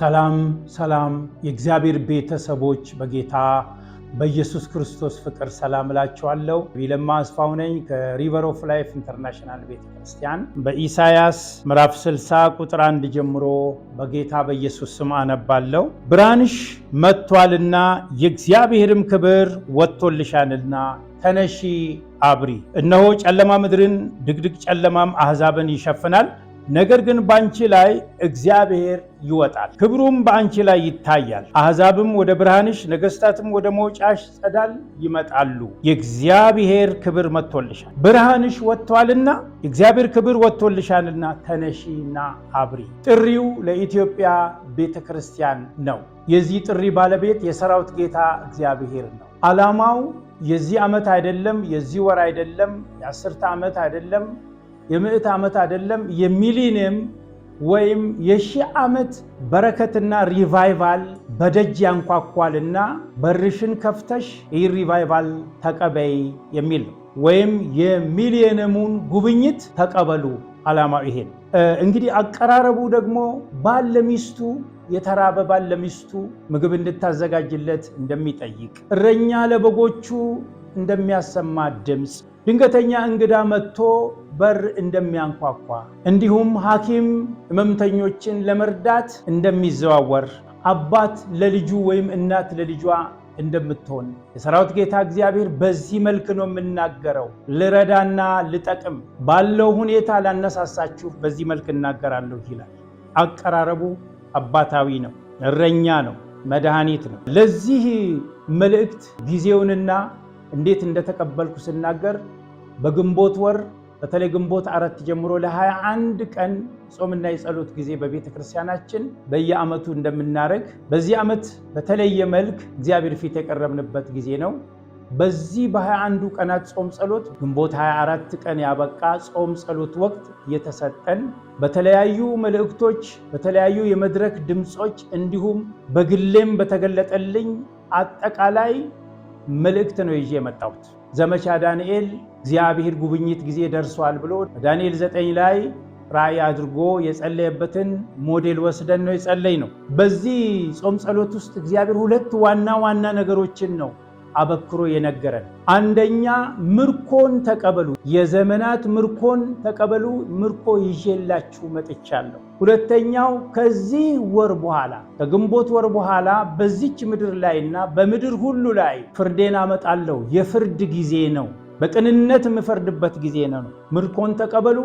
ሰላም ሰላም የእግዚአብሔር ቤተሰቦች በጌታ በኢየሱስ ክርስቶስ ፍቅር ሰላም እላችኋለሁ። ቢለማ አስፋው ነኝ ከሪቨር ኦፍ ላይፍ ኢንተርናሽናል ቤተክርስቲያን። በኢሳያስ ምዕራፍ 60 ቁጥር አንድ ጀምሮ በጌታ በኢየሱስ ስም አነባለሁ። ብርሃንሽ መጥቷልና የእግዚአብሔርም ክብር ወጥቶልሻልና ተነሺ አብሪ። እነሆ ጨለማ ምድርን ድቅድቅ ጨለማም አሕዛብን ይሸፍናል ነገር ግን በአንቺ ላይ እግዚአብሔር ይወጣል፣ ክብሩም በአንቺ ላይ ይታያል። አሕዛብም ወደ ብርሃንሽ፣ ነገሥታትም ወደ መውጫሽ ጸዳል ይመጣሉ። የእግዚአብሔር ክብር መጥቶልሻል፣ ብርሃንሽ ወጥቷልና፣ የእግዚአብሔር ክብር ወጥቶልሻልና ተነሺና አብሪ። ጥሪው ለኢትዮጵያ ቤተ ክርስቲያን ነው። የዚህ ጥሪ ባለቤት የሰራዊት ጌታ እግዚአብሔር ነው። ዓላማው የዚህ ዓመት አይደለም፣ የዚህ ወር አይደለም፣ የአስርተ ዓመት አይደለም የምዕት ዓመት አይደለም የሚሊኒየም ወይም የሺህ ዓመት በረከትና ሪቫይቫል በደጅ ያንኳኳልና በርሽን ከፍተሽ ይህ ሪቫይቫል ተቀበይ የሚል ነው። ወይም የሚሊኒየሙን ጉብኝት ተቀበሉ። ዓላማው ይሄ እንግዲህ አቀራረቡ ደግሞ ባል ለሚስቱ የተራበ ባል ለሚስቱ ምግብ እንድታዘጋጅለት እንደሚጠይቅ፣ እረኛ ለበጎቹ እንደሚያሰማ ድምፅ ድንገተኛ እንግዳ መጥቶ በር እንደሚያንኳኳ እንዲሁም ሐኪም ህመምተኞችን ለመርዳት እንደሚዘዋወር አባት ለልጁ ወይም እናት ለልጇ እንደምትሆን የሰራዊት ጌታ እግዚአብሔር በዚህ መልክ ነው የምናገረው። ልረዳና ልጠቅም ባለው ሁኔታ ላነሳሳችሁ በዚህ መልክ እናገራለሁ ይላል። አቀራረቡ አባታዊ ነው፣ እረኛ ነው፣ መድኃኒት ነው። ለዚህ መልእክት ጊዜውንና እንዴት እንደተቀበልኩ ስናገር በግንቦት ወር በተለይ ግንቦት አራት ጀምሮ ለ21 ቀን ጾምና የጸሎት ጊዜ በቤተ ክርስቲያናችን በየዓመቱ እንደምናደርግ በዚህ ዓመት በተለየ መልክ እግዚአብሔር ፊት የቀረብንበት ጊዜ ነው። በዚህ በ21ዱ ቀናት ጾም ጸሎት ግንቦት 24 ቀን ያበቃ ጾም ጸሎት ወቅት እየተሰጠን በተለያዩ መልእክቶች፣ በተለያዩ የመድረክ ድምፆች እንዲሁም በግሌም በተገለጠልኝ አጠቃላይ መልእክት ነው ይዤ የመጣሁት። ዘመቻ ዳንኤል እግዚአብሔር ጉብኝት ጊዜ ደርሷል ብሎ ዳንኤል ዘጠኝ ላይ ራእይ አድርጎ የጸለየበትን ሞዴል ወስደን ነው የጸለይ ነው። በዚህ ጾም ጸሎት ውስጥ እግዚአብሔር ሁለት ዋና ዋና ነገሮችን ነው አበክሮ የነገረን። አንደኛ ምርኮን ተቀበሉ፣ የዘመናት ምርኮን ተቀበሉ፣ ምርኮ ይዤላችሁ መጥቻለሁ። ሁለተኛው ከዚህ ወር በኋላ ከግንቦት ወር በኋላ በዚች ምድር ላይና በምድር ሁሉ ላይ ፍርዴን አመጣለሁ። የፍርድ ጊዜ ነው። በቅንነት የምፈርድበት ጊዜ ነው። ምርኮን ተቀበሉ።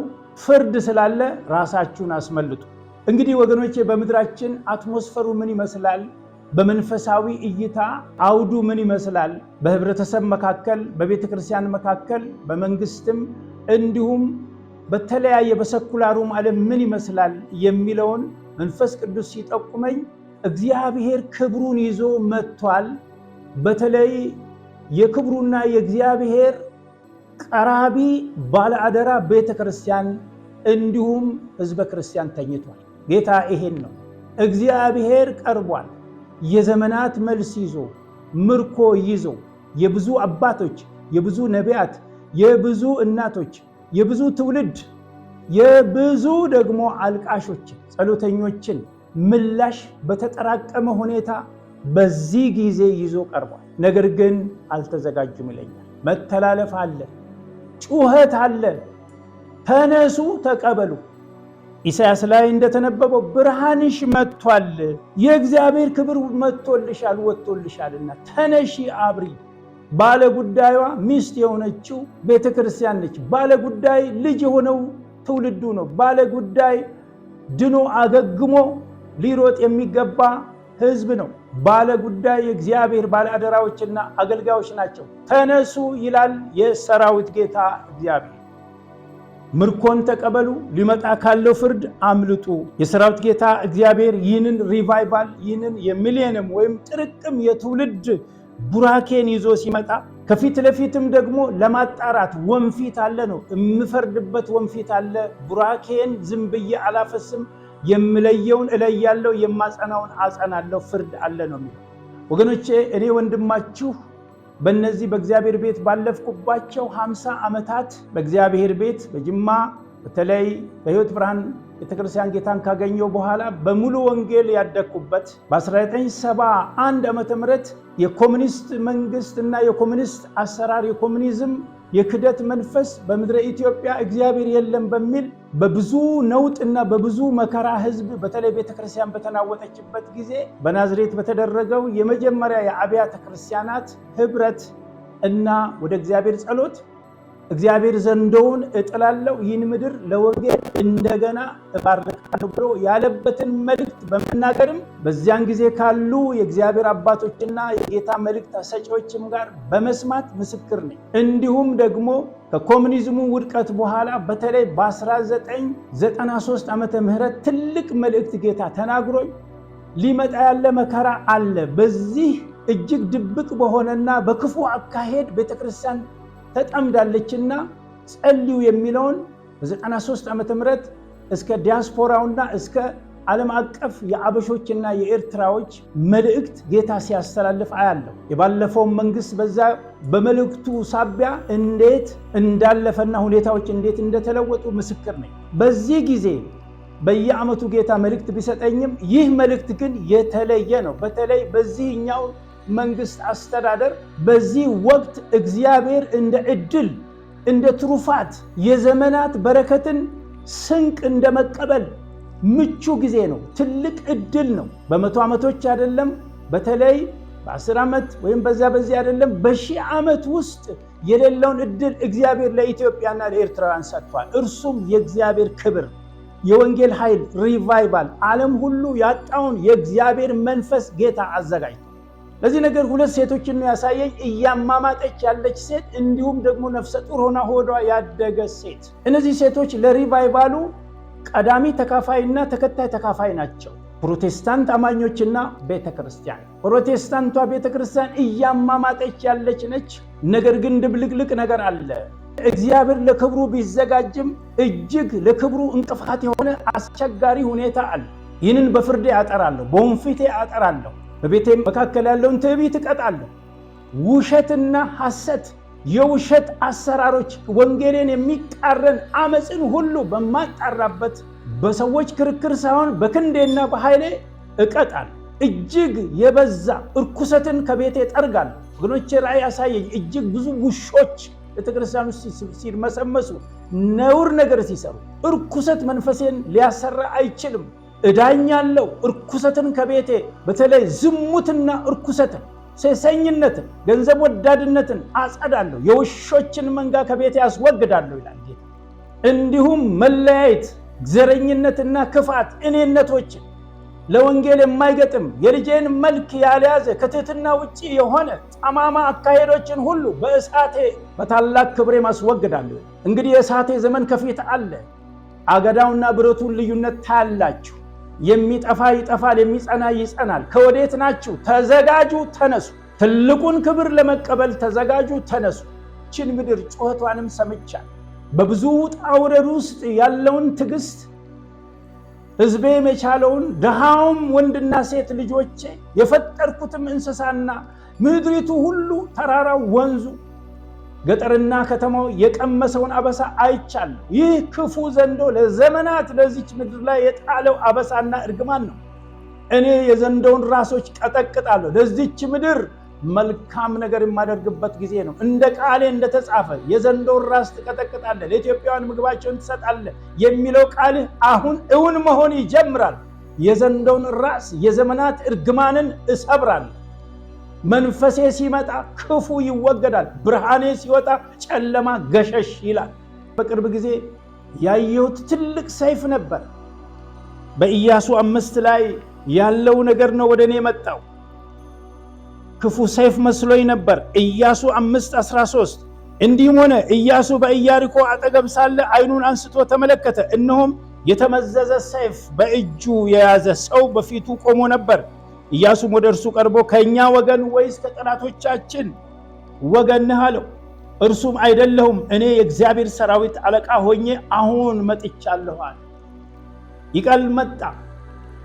ፍርድ ስላለ ራሳችሁን አስመልጡ። እንግዲህ ወገኖቼ በምድራችን አትሞስፈሩ ምን ይመስላል? በመንፈሳዊ እይታ አውዱ ምን ይመስላል? በህብረተሰብ መካከል፣ በቤተ ክርስቲያን መካከል፣ በመንግስትም እንዲሁም በተለያየ በሰኩላሩም ዓለም ምን ይመስላል የሚለውን መንፈስ ቅዱስ ሲጠቁመኝ እግዚአብሔር ክብሩን ይዞ መጥቷል። በተለይ የክብሩና የእግዚአብሔር ቀራቢ ባለአደራ ቤተ ክርስቲያን እንዲሁም ህዝበ ክርስቲያን ተኝቷል። ጌታ ይሄን ነው። እግዚአብሔር ቀርቧል። የዘመናት መልስ ይዞ ምርኮ ይዞ የብዙ አባቶች፣ የብዙ ነቢያት፣ የብዙ እናቶች፣ የብዙ ትውልድ፣ የብዙ ደግሞ አልቃሾች ጸሎተኞችን ምላሽ በተጠራቀመ ሁኔታ በዚህ ጊዜ ይዞ ቀርቧል። ነገር ግን አልተዘጋጁም ይለኛል። መተላለፍ አለ፣ ጩኸት አለ፣ ተነሱ ተቀበሉ ኢሳያስ ላይ እንደተነበበው ብርሃንሽ መጥቷል፣ የእግዚአብሔር ክብር መጥቶልሻል ወጥቶልሻልና ተነሺ አብሪ። ባለጉዳዩዋ ሚስት የሆነችው ቤተ ክርስቲያን ነች። ባለጉዳይ ልጅ የሆነው ትውልዱ ነው። ባለጉዳይ ድኖ አገግሞ ሊሮጥ የሚገባ ህዝብ ነው። ባለጉዳይ የእግዚአብሔር ባለአደራዎችና አገልጋዮች ናቸው። ተነሱ ይላል የሰራዊት ጌታ እግዚአብሔር። ምርኮን ተቀበሉ፣ ሊመጣ ካለው ፍርድ አምልጡ። የሰራዊት ጌታ እግዚአብሔር ይህንን ሪቫይቫል ይህንን የሚሊየንም ወይም ጥርቅም የትውልድ ቡራኬን ይዞ ሲመጣ ከፊት ለፊትም ደግሞ ለማጣራት ወንፊት አለ ነው የምፈርድበት ወንፊት አለ። ቡራኬን ዝም ብዬ አላፈስም፣ የምለየውን እለያለው፣ የማጸናውን አጸናለው፣ ፍርድ አለ ነው የሚለው። ወገኖቼ እኔ ወንድማችሁ በእነዚህ በእግዚአብሔር ቤት ባለፍኩባቸው ሀምሳ ዓመታት በእግዚአብሔር ቤት በጅማ በተለይ በህይወት ብርሃን ቤተክርስቲያን ጌታን ካገኘው በኋላ በሙሉ ወንጌል ያደግኩበት በ1971 ዓ ም የኮሚኒስት መንግስት እና የኮሚኒስት አሰራር የኮሚኒዝም የክደት መንፈስ በምድረ ኢትዮጵያ እግዚአብሔር የለም በሚል በብዙ ነውጥና በብዙ መከራ ህዝብ በተለይ ቤተክርስቲያን በተናወጠችበት ጊዜ በናዝሬት በተደረገው የመጀመሪያ የአብያተ ክርስቲያናት ህብረት እና ወደ እግዚአብሔር ጸሎት እግዚአብሔር ዘንዶውን እጥላለሁ ይህን ምድር ለወንጌል እንደገና እባርካለሁ ብሎ ያለበትን መልእክት በመናገርም በዚያን ጊዜ ካሉ የእግዚአብሔር አባቶችና የጌታ መልእክት ሰጪዎችም ጋር በመስማት ምስክር ነኝ። እንዲሁም ደግሞ ከኮሚኒዝሙ ውድቀት በኋላ በተለይ በ1993 ዓመተ ምህረት ትልቅ መልእክት ጌታ ተናግሮኝ ሊመጣ ያለ መከራ አለ። በዚህ እጅግ ድብቅ በሆነና በክፉ አካሄድ ቤተክርስቲያን ተጠምዳለችና ጸልዩ የሚለውን በ93 ዓመተ ምህረት እስከ ዲያስፖራውና እስከ ዓለም አቀፍ የአበሾችና የኤርትራዎች መልእክት ጌታ ሲያስተላልፍ አያለሁ። የባለፈውን መንግስት በዛ በመልእክቱ ሳቢያ እንዴት እንዳለፈና ሁኔታዎች እንዴት እንደተለወጡ ምስክር ነኝ። በዚህ ጊዜ በየዓመቱ ጌታ መልእክት ቢሰጠኝም ይህ መልእክት ግን የተለየ ነው። በተለይ በዚህኛው መንግስት አስተዳደር በዚህ ወቅት እግዚአብሔር እንደ ዕድል እንደ ትሩፋት የዘመናት በረከትን ስንቅ እንደ መቀበል ምቹ ጊዜ ነው። ትልቅ ዕድል ነው። በመቶ ዓመቶች አይደለም፣ በተለይ በአስር ዓመት ወይም በዚያ በዚህ አይደለም፣ በሺህ ዓመት ውስጥ የሌለውን ዕድል እግዚአብሔር ለኢትዮጵያና ለኤርትራውያን ሰጥቷል። እርሱም የእግዚአብሔር ክብር የወንጌል ኃይል ሪቫይቫል ዓለም ሁሉ ያጣውን የእግዚአብሔር መንፈስ ጌታ አዘጋጅቷል። ለዚህ ነገር ሁለት ሴቶችን ነው ያሳየኝ። እያማማጠች ያለች ሴት እንዲሁም ደግሞ ነፍሰ ጡር ሆና ሆዷ ያደገ ሴት። እነዚህ ሴቶች ለሪቫይቫሉ ቀዳሚ ተካፋይና ተከታይ ተካፋይ ናቸው። ፕሮቴስታንት አማኞችና ቤተ ክርስቲያን። ፕሮቴስታንቷ ቤተ ክርስቲያን እያማማጠች ያለች ነች። ነገር ግን ድብልቅልቅ ነገር አለ። እግዚአብሔር ለክብሩ ቢዘጋጅም እጅግ ለክብሩ እንቅፋት የሆነ አስቸጋሪ ሁኔታ አለ። ይህንን በፍርዴ አጠራለሁ፣ በወንፊቴ አጠራለሁ። በቤቴም መካከል ያለውን ትዕቢት እቀጣለሁ። ውሸትና ሐሰት፣ የውሸት አሰራሮች፣ ወንጌልን የሚቃረን አመፅን ሁሉ በማጣራበት በሰዎች ክርክር ሳይሆን በክንዴና በኃይሌ እቀጣል እጅግ የበዛ እርኩሰትን ከቤቴ ጠርጋል። ወገኖች ራእይ ያሳየኝ እጅግ ብዙ ውሾች ቤተክርስቲያን ውስጥ ነውር ነገር ሲሰሩ፣ እርኩሰት መንፈሴን ሊያሰራ አይችልም። እዳኛለው እርኩሰትን ከቤቴ በተለይ ዝሙትና እርኩሰትን፣ ሴሰኝነትን፣ ገንዘብ ወዳድነትን አጸዳለሁ፣ የውሾችን መንጋ ከቤቴ አስወግዳለሁ ይላል ጌታ። እንዲሁም መለያየት፣ ዘረኝነትና ክፋት፣ እኔነቶችን ለወንጌል የማይገጥም የልጄን መልክ ያልያዘ ከትህትና ውጭ የሆነ ጠማማ አካሄዶችን ሁሉ በእሳቴ በታላቅ ክብሬ አስወግዳለሁ። እንግዲህ የእሳቴ ዘመን ከፊት አለ። አገዳውና ብረቱን ልዩነት ታያላችሁ። የሚጠፋ ይጠፋል፣ የሚጸና ይጸናል። ከወዴት ናችሁ? ተዘጋጁ፣ ተነሱ። ትልቁን ክብር ለመቀበል ተዘጋጁ፣ ተነሱ። ችን ምድር ጩኸቷንም ሰምቻል። በብዙ ውጣ ውረድ ውስጥ ያለውን ትዕግስት ህዝቤ የቻለውን ድሃውም ወንድና ሴት ልጆቼ የፈጠርኩትም እንስሳና ምድሪቱ ሁሉ ተራራው፣ ወንዙ ገጠርና ከተማው የቀመሰውን አበሳ አይቻለሁ። ይህ ክፉ ዘንዶ ለዘመናት ለዚች ምድር ላይ የጣለው አበሳና እርግማን ነው። እኔ የዘንዶውን ራሶች ቀጠቅጣለሁ። ለዚች ምድር መልካም ነገር የማደርግበት ጊዜ ነው። እንደ ቃሌ እንደተጻፈ የዘንዶውን ራስ ትቀጠቅጣለህ፣ ለኢትዮጵያውያን ምግባቸውን ትሰጣለህ የሚለው ቃልህ አሁን እውን መሆን ይጀምራል። የዘንዶውን ራስ የዘመናት እርግማንን እሰብራለሁ። መንፈሴ ሲመጣ ክፉ ይወገዳል፣ ብርሃኔ ሲወጣ ጨለማ ገሸሽ ይላል። በቅርብ ጊዜ ያየሁት ትልቅ ሰይፍ ነበር። በኢያሱ አምስት ላይ ያለው ነገር ነው ወደ እኔ የመጣው። ክፉ ሰይፍ መስሎኝ ነበር። ኢያሱ አምስት 13 እንዲህም ሆነ ኢያሱ በኢያሪኮ አጠገብ ሳለ ዓይኑን አንስቶ ተመለከተ፣ እነሆም የተመዘዘ ሰይፍ በእጁ የያዘ ሰው በፊቱ ቆሞ ነበር። ኢያሱም ወደ እርሱ ቀርቦ ከእኛ ወገን ወይስ ከጠላቶቻችን ወገን ነህ አለው። እርሱም አይደለሁም፣ እኔ የእግዚአብሔር ሰራዊት አለቃ ሆኜ አሁን መጥቻለሁ አለ። ይቀል መጣ።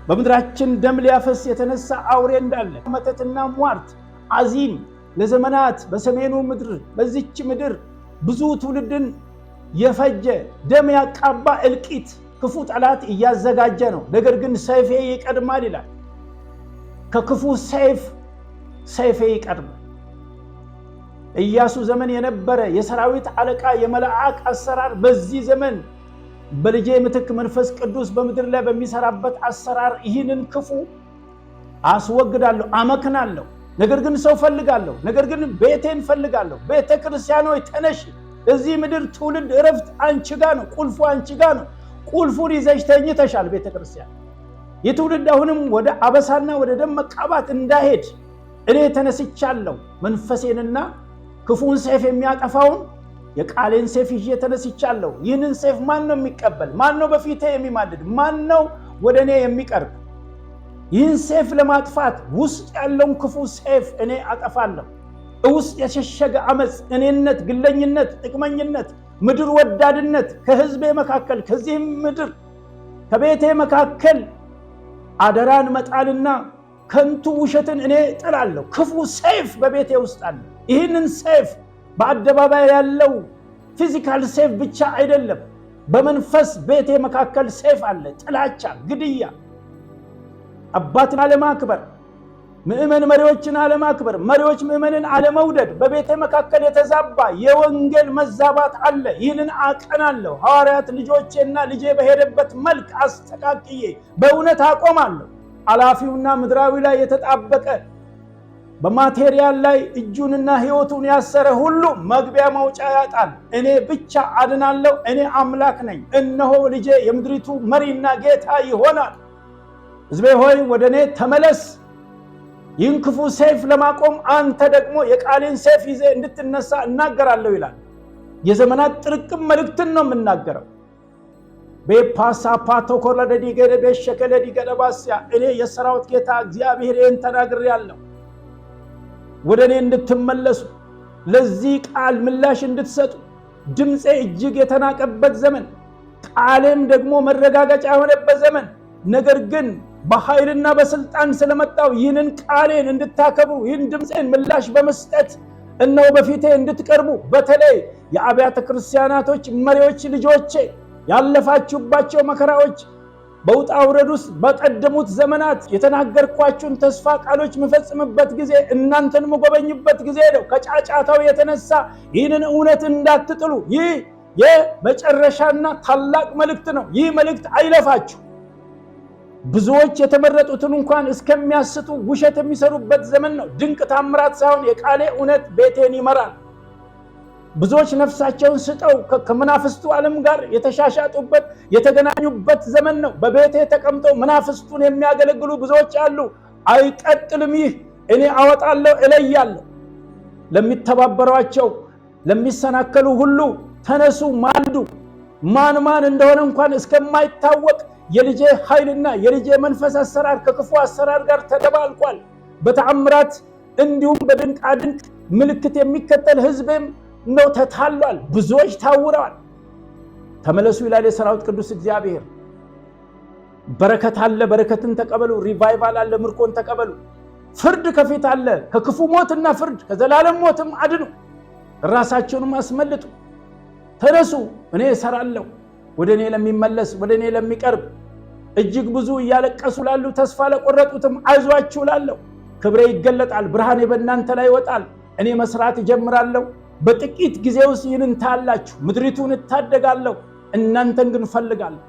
በምድራችን ደም ሊያፈስ የተነሳ አውሬ እንዳለ መተትና ሟርት አዚም ለዘመናት በሰሜኑ ምድር በዚች ምድር ብዙ ትውልድን የፈጀ ደም ያቃባ እልቂት ክፉ ጠላት እያዘጋጀ ነው። ነገር ግን ሰይፌ ይቀድማል ይላል። ከክፉ ሰይፍ ሰይፌ ይቀድም። ኢያሱ ዘመን የነበረ የሰራዊት አለቃ የመላእክ አሰራር በዚህ ዘመን በልጄ ምትክ መንፈስ ቅዱስ በምድር ላይ በሚሰራበት አሰራር ይህንን ክፉ አስወግዳለሁ፣ አመክናለሁ። ነገር ግን ሰው ፈልጋለሁ፣ ነገር ግን ቤቴን ፈልጋለሁ። ቤተ ክርስቲያን ሆይ ተነሽ። እዚህ ምድር ትውልድ እረፍት አንቺ ጋ ነው፣ ቁልፉ አንቺ ጋ ነው። ቁልፉን ይዘሽ ተኝተሻል ቤተ ክርስቲያን የትውልድ አሁንም ወደ አበሳና ወደ ደም መቃባት እንዳሄድ እኔ ተነስቻለሁ። መንፈሴንና ክፉን ሴፍ የሚያጠፋውን የቃሌን ሴፍ ይዤ ተነስቻለሁ። ይህንን ሴፍ ማን ነው የሚቀበል? ማን ነው በፊቴ የሚማልድ? ማን ነው ወደ እኔ የሚቀርብ? ይህን ሴፍ ለማጥፋት ውስጥ ያለውን ክፉ ሴፍ እኔ አጠፋለሁ። ውስጥ የሸሸገ አመፅ፣ እኔነት፣ ግለኝነት፣ ጥቅመኝነት፣ ምድር ወዳድነት ከህዝቤ መካከል ከዚህም ምድር ከቤቴ መካከል አደራን መጣልና ከንቱ ውሸትን እኔ ጥላለሁ ክፉ ሰይፍ በቤቴ ውስጥ አለ። ይህንን ሰይፍ በአደባባይ ያለው ፊዚካል ሴፍ ብቻ አይደለም። በመንፈስ ቤቴ መካከል ሴፍ አለ። ጥላቻ፣ ግድያ፣ አባትን አለማክበር ምእመን መሪዎችን አለማክበር፣ መሪዎች ምእመንን አለመውደድ፣ በቤተ መካከል የተዛባ የወንጌል መዛባት አለ። ይህንን አቀናለሁ። ሐዋርያት ልጆቼና ልጄ በሄደበት መልክ አስተካክዬ በእውነት አቆማለሁ። አላፊውና ምድራዊ ላይ የተጣበቀ በማቴሪያል ላይ እጁንና ሕይወቱን ያሰረ ሁሉ መግቢያ መውጫ ያጣል። እኔ ብቻ አድናለሁ፣ እኔ አምላክ ነኝ፣ እነሆ ልጄ የምድሪቱ መሪና ጌታ ይሆናል። ሕዝቤ ሆይ ወደ እኔ ተመለስ ይህን ክፉ ሰይፍ ለማቆም አንተ ደግሞ የቃሌን ሰይፍ ይዜ እንድትነሳ እናገራለሁ ይላል። የዘመናት ጥርቅም መልእክትን ነው የምናገረው። ቤፓሳፓቶ ኮረደዲ ገደ ቤሸከለዲ ገደባስያ እኔ የሰራዊት ጌታ እግዚአብሔር ይህን ያለው ወደ እኔ እንድትመለሱ ለዚህ ቃል ምላሽ እንድትሰጡ ድምፄ እጅግ የተናቀበት ዘመን ቃሌም ደግሞ መረጋገጫ የሆነበት ዘመን ነገር ግን በኃይልና በስልጣን ስለመጣው ይህንን ቃሌን እንድታከብሩ ይህን ድምፄን ምላሽ በመስጠት እነው በፊቴ እንድትቀርቡ በተለይ የአብያተ ክርስቲያናቶች መሪዎች ልጆቼ ያለፋችሁባቸው መከራዎች በውጣ ውረድ ውስጥ በቀደሙት ዘመናት የተናገርኳችሁን ተስፋ ቃሎች የምፈጽምበት ጊዜ እናንተን የምጎበኝበት ጊዜ ነው። ከጫጫታው የተነሳ ይህንን እውነት እንዳትጥሉ። ይህ የመጨረሻና ታላቅ መልእክት ነው። ይህ መልእክት አይለፋችሁ። ብዙዎች የተመረጡትን እንኳን እስከሚያስቱ ውሸት የሚሰሩበት ዘመን ነው። ድንቅ ታምራት ሳይሆን የቃሌ እውነት ቤቴን ይመራል። ብዙዎች ነፍሳቸውን ስጠው ከመናፍስቱ ዓለም ጋር የተሻሻጡበት የተገናኙበት ዘመን ነው። በቤቴ ተቀምጠው መናፍስቱን የሚያገለግሉ ብዙዎች አሉ። አይቀጥልም። ይህ እኔ አወጣለሁ፣ እለያለሁ። ለሚተባበሯቸው ለሚሰናከሉ ሁሉ ተነሱ፣ ማልዱ። ማን ማን እንደሆነ እንኳን እስከማይታወቅ የልጄ ኃይልና የልጄ መንፈስ አሰራር ከክፉ አሰራር ጋር ተደባልቋል። በተአምራት እንዲሁም በድንቃድንቅ ምልክት የሚከተል ህዝብም ነው ተታሏል። ብዙዎች ታውረዋል። ተመለሱ ይላል የሰራዊት ቅዱስ እግዚአብሔር። በረከት አለ፣ በረከትን ተቀበሉ። ሪቫይቫል አለ፣ ምርኮን ተቀበሉ። ፍርድ ከፊት አለ፣ ከክፉ ሞትና ፍርድ ከዘላለም ሞትም አድኑ፣ ራሳቸውንም አስመልጡ። ተነሱ፣ እኔ እሰራለሁ። ወደ እኔ ለሚመለስ ወደ እኔ ለሚቀርብ እጅግ ብዙ እያለቀሱ ላሉ ተስፋ ለቆረጡትም አይዟችሁ ላለሁ ክብሬ ይገለጣል፣ ብርሃኔ በእናንተ ላይ ይወጣል፣ እኔ መስራት እጀምራለሁ። በጥቂት ጊዜ ውስጥ ይህንን ታያላችሁ። ምድሪቱን እታደጋለሁ፣ እናንተን ግን ፈልጋለሁ።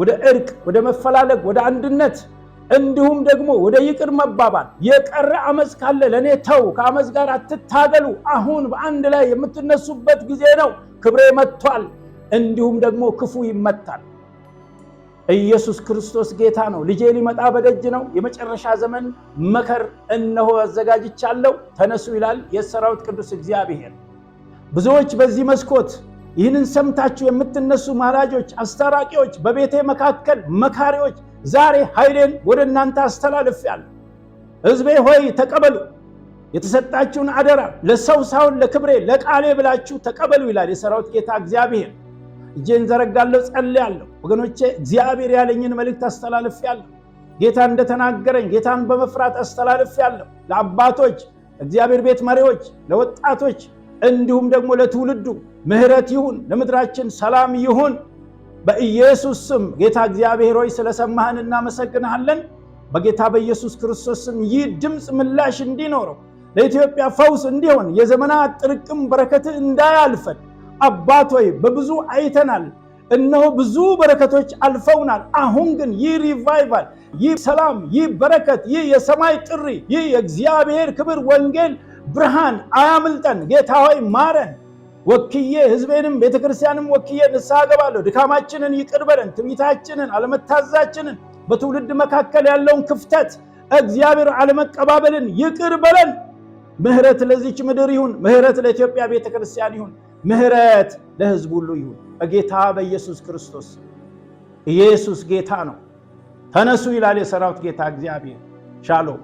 ወደ እርቅ፣ ወደ መፈላለግ፣ ወደ አንድነት እንዲሁም ደግሞ ወደ ይቅር መባባል የቀረ አመፅ ካለ ለእኔ ተው፣ ከአመፅ ጋር አትታገሉ። አሁን በአንድ ላይ የምትነሱበት ጊዜ ነው። ክብሬ መጥቷል። እንዲሁም ደግሞ ክፉ ይመታል። ኢየሱስ ክርስቶስ ጌታ ነው። ልጄ ሊመጣ በደጅ ነው። የመጨረሻ ዘመን መከር እነሆ አዘጋጅቻለሁ፣ ተነሱ ይላል የሰራዊት ቅዱስ እግዚአብሔር። ብዙዎች በዚህ መስኮት ይህንን ሰምታችሁ የምትነሱ ማላጆች፣ አስታራቂዎች፣ በቤቴ መካከል መካሪዎች፣ ዛሬ ኃይሌን ወደ እናንተ አስተላልፌያለሁ። ሕዝቤ ሆይ ተቀበሉ፣ የተሰጣችሁን አደራ ለሰው ሳይሆን ለክብሬ ለቃሌ ብላችሁ ተቀበሉ ይላል የሰራዊት ጌታ እግዚአብሔር። እጄን ዘረጋለሁ፣ ጸልያለሁ። ወገኖቼ እግዚአብሔር ያለኝን መልእክት አስተላልፌያለሁ። ጌታ እንደተናገረኝ ጌታን በመፍራት አስተላልፌያለሁ። ለአባቶች፣ እግዚአብሔር ቤት መሪዎች፣ ለወጣቶች እንዲሁም ደግሞ ለትውልዱ ምሕረት ይሁን፣ ለምድራችን ሰላም ይሁን። በኢየሱስ ስም ጌታ እግዚአብሔር ሆይ ስለሰማህን እናመሰግንሃለን። በጌታ በኢየሱስ ክርስቶስ ስም ይህ ድምፅ ምላሽ እንዲኖረው ለኢትዮጵያ ፈውስ እንዲሆን የዘመናት ጥርቅም በረከት እንዳያልፈን አባት ሆይ በብዙ አይተናል፣ እነሆ ብዙ በረከቶች አልፈውናል። አሁን ግን ይህ ሪቫይቫል፣ ይህ ሰላም፣ ይህ በረከት፣ ይህ የሰማይ ጥሪ፣ ይህ የእግዚአብሔር ክብር ወንጌል ብርሃን አያምልጠን። ጌታ ሆይ ማረን። ወክዬ ህዝቤንም ቤተክርስቲያንም ወክዬ ንስሐ ገባለሁ። ድካማችንን ይቅር በለን፣ ትዕቢታችንን፣ አለመታዛችንን፣ በትውልድ መካከል ያለውን ክፍተት፣ እግዚአብሔር አለመቀባበልን ይቅር በለን። ምህረት ለዚች ምድር ይሁን። ምህረት ለኢትዮጵያ ቤተክርስቲያን ይሁን። ምህረት ለህዝቡ ሁሉ ይሁን በጌታ በኢየሱስ ክርስቶስ። ኢየሱስ ጌታ ነው። ተነሱ ይላል የሰራዊት ጌታ እግዚአብሔር። ሻሎም